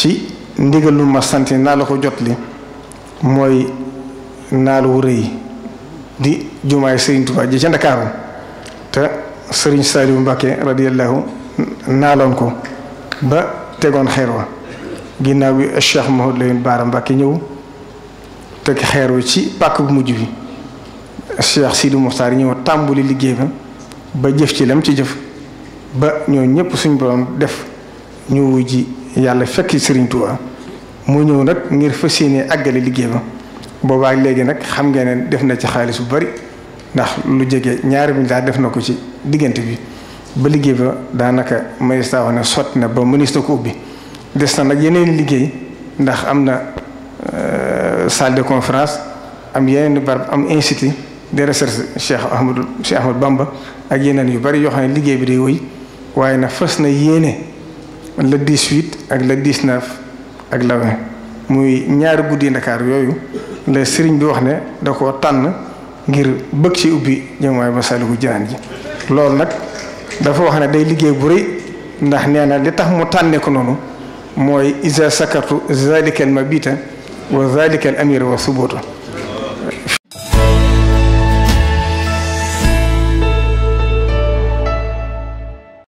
ci ndigal lu sant naa la ko jot li mooy naal wu rëy di jumaay Serigne Touba ji ca Ndakaaru te Serigne Saliou Mbacké radiyallahu naaloon ko ba tegoon xeer wa ginnaaw bi Cheikh Mouhamadou Lamine Bara Mbacké ñëw teg xeer wi ci pàkk bu mujj bi Cheikh Sidi Mokhtar ñëw tàmbuli liggéey ba ba jëf ci lam ci jëf ba ñoo ñëpp suñ borom def ñu wuy ji yàlla fekk Serigne Touba mu ñëw nag ngir fas yéene àggale liggéey ba boobaa léegi nag xam nga ne def na ci xaalis bu bari ndax lu jege ñaari milliards def na ko ci diggante bi ba liggéey ba daanaka magistrat wax ne sotti na ba ministre ko ubbi des na nag yeneen liggéey ndax am na euh, salle de conférence am yeneen barab am institut de recherche Cheikh Ahmadou Cheikh Ahmadou Bamba ak yeneen yu bari yoo xam ne liggéey bi day wéy waaye nag fas na yéene. le 18 ak le 19 ak le muy ñaari guddi Ndakaar yooyu la sëriñ bi wax ne da ko tànn ngir bëgg ci ubbi jëmwaay Masaalikul jaan ji loolu nag dafa wax ne day liggéey bu rëy ndax nee na li tax mu tànne ko noonu mooy isa sakartu zalikal mabita wa zalikal amira wa subuta